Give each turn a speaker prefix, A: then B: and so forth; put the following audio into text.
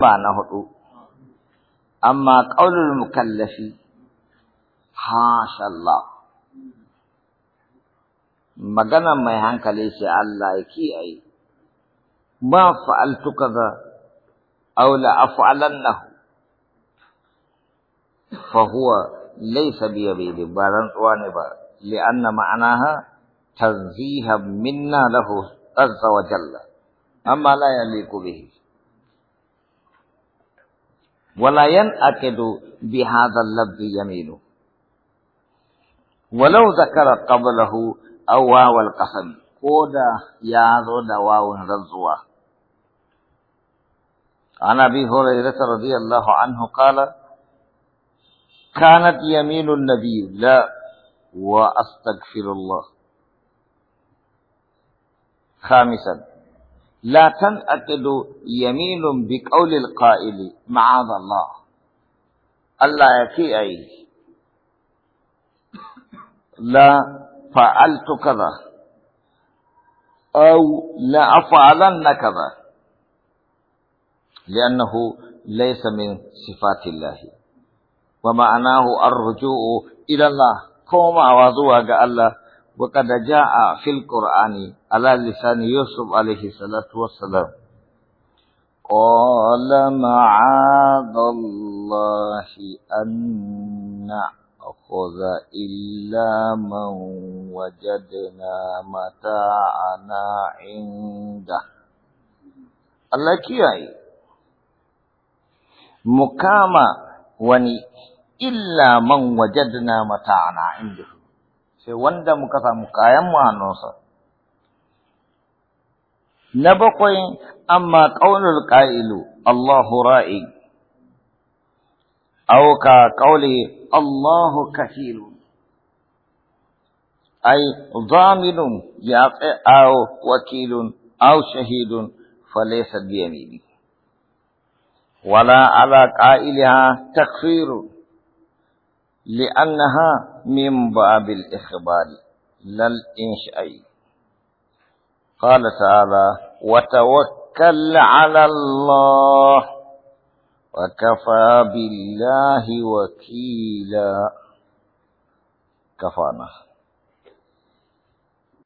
A: ba na hudu amma qaulul mukallafi hasha Allah magana mai hankali sai Allah ya kiyaye ma fa'altu kaza aw la af'alannahu fa huwa laysa bi yabidi ba rantsuwa ne ba li'anna ma'anaha tanziha minna lahu azza wa jalla amma la yaliqu bihi ولا ينأكد بهذا اللفظ يمينه ولو ذكر قبله أو واو القسم قودا ياذو واو رزوا عن أبي هريرة رضي الله عنه قال كانت يمين النبي لا وأستغفر الله خامسا لا تنأتل يمين بقول القائل معاذ الله الله يكي أي لا فعلت كذا أو لا أفعلن كذا لأنه ليس من صفات الله ومعناه الرجوع إلى الله كما قال الله وقد جاء في القرآن على لسان يوسف عليه الصلاة والسلام قال معاذ الله أن نأخذ إلا من وجدنا متاعنا عنده الله كيعي مكام وني إلا من وجدنا متاعنا عنده sai wanda muka samu kayan mu hannunsa na bakwai amma ƙaunar ƙa'ilu Allahu ra'i auka ƙaule, Allahu kafilu ai, dhaminun ya aw wakilun aw shahidun falaysa biyamini wala ala ha takfirun لأنها من باب الإخبار لا الإنشأي قال تعالى وتوكل على الله وكفى بالله وكيلا كفانا